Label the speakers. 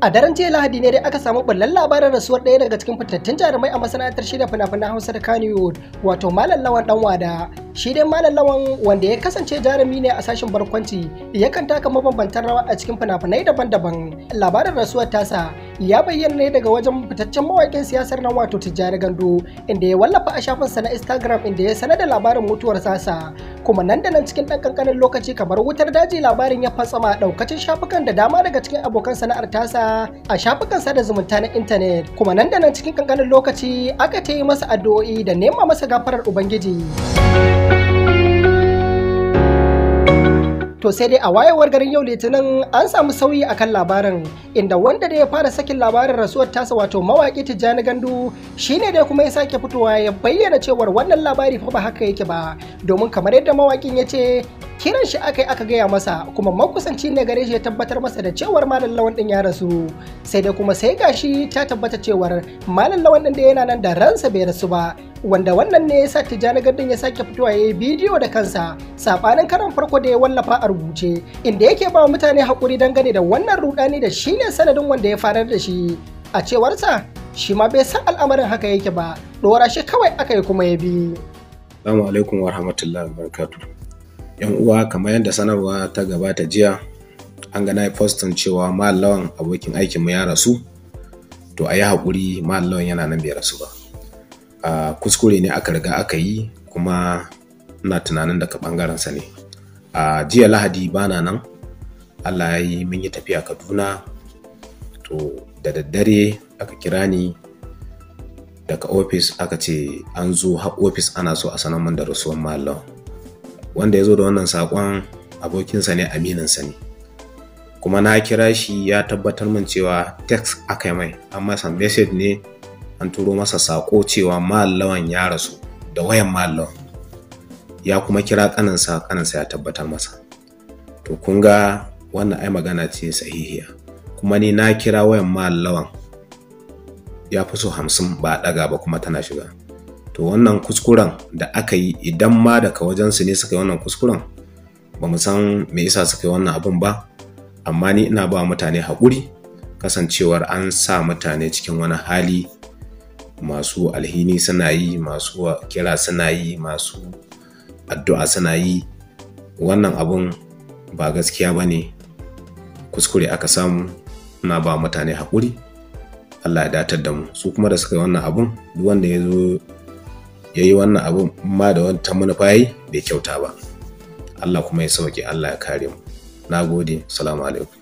Speaker 1: A daren jiya Lahadi ne dai aka samu ballan labarin rasuwar ɗaya daga cikin fitattun jarumai a masana'antar shirya fina-finan Hausa da Kannywood, wato Malam Lawan wada Shi dai Malam Lawan wanda ya kasance jarumi ne a sashen barkwanci, yakan taka mabambantan rawa a cikin fina-finai daban-daban. Labarin rasuwar tasa ya bayyana ne daga wajen fitaccen mawaƙin siyasar nan wato Tijjani gandu inda ya wallafa a shafinsa na Instagram inda ya sanar da labarin mutuwar sasa. kuma nan da nan cikin ɗan ƙanƙanin lokaci kamar wutar daji labarin ya fatsama ɗaukacin shafukan da dama daga cikin abokan sana'ar tasa a shafukan sada zumunta na intanet kuma nan da nan cikin ƙanƙanin lokaci aka ta yi masa addu'o'i da nema masa gafarar ubangiji. To sai dai a wayewar garin yau litinin an samu sauyi akan labarin inda wanda da ya fara sakin labarin rasuwar tasa wato mawaƙi Tijjani Gandu shine dai kuma ya sake fitowa ya bayyana cewar wannan labari fa ba haka yake ba domin kamar yadda mawaƙin ya ce kiran shi aka yi aka gaya masa kuma makusanci ne gare shi ya tabbatar masa da cewar malam lawan din ya rasu sai da kuma sai gashi ta tabbata cewar malam lawan din da yana nan da ransa bai rasu ba wanda wannan ne yasa Tijjani Gardin ya sake fitowa ya yi bidiyo da kansa saɓanin karan farko da ya wallafa a rubuce inda yake ba mutane hakuri dangane da wannan rudani da shi ne sanadin wanda ya farar da shi a cewarsa shi ma bai san al'amarin haka yake ba dora shi kawai aka yi kuma ya bi.
Speaker 2: Assalamu alaikum wa rahmatullahi yan uwa kamar yadda sanarwa ta gabata jiya an gana na postin cewa malawan abokin aikin mu ya rasu to a yi haƙuri malawan yana nan bai rasu ba a kuskure ne aka riga aka yi kuma ina tunanin daga ɓangaren sa ne a jiya lahadi bana nan allah ya yi mun yi tafiya kaduna to da daddare aka kira ni daga ofis aka ce an zo ofis ana so a sanar da rasuwan malawan wanda ya zo da wannan saƙon abokinsa ne amininsa ne kuma na kira shi ya tabbatar min cewa text aka mai an masa message ne an turo masa saƙo cewa mallawan ya rasu da wayan mallawan ya kuma kira kaninsa kaninsa ya tabbatar masa to kun ga wannan ai magana ce sahihiya kuma ni na kira wayan mallawan ya fi so hamsin ba ɗaga ba kuma tana shiga to wannan kuskuren da aka yi idan ma daga wajensu ne suka yi wannan kuskuren ba mu san me yasa suka yi wannan abun ba amma ni ina ba mutane haƙuri kasancewar an sa mutane cikin wani hali masu alhini suna yi masu kira suna yi masu addu'a suna yi wannan abun ba gaskiya ba ne kuskure aka samu ina ba mutane haƙuri allah ya datar da mu su kuma da suka yi wannan abun duk wanda ya zo ya yi wannan abin ma da wata manufa yi bai kyauta ba Allah kuma ya sauke Allah ya kare mu na gode salamu alaikum